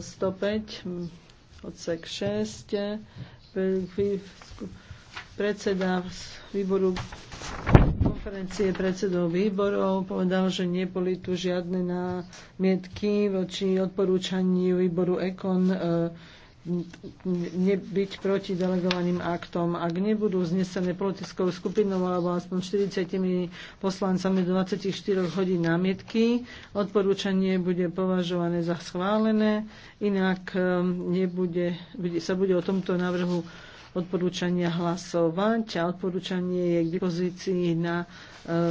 105, odsek 6, e, predseda výboru konferencie predsedov výborov povedal, že neboli tu žiadne námietky voči odporúčaniu výboru EKON e, byť proti delegovaným aktom. Ak nebudú znesené politickou skupinou alebo aspoň 40 poslancami 24 hodín námietky, odporúčanie bude považované za schválené, inak ehm, nebude, bude, sa bude o tomto návrhu odporúčania hlasovať a odporúčanie je k dispozícii na ehm,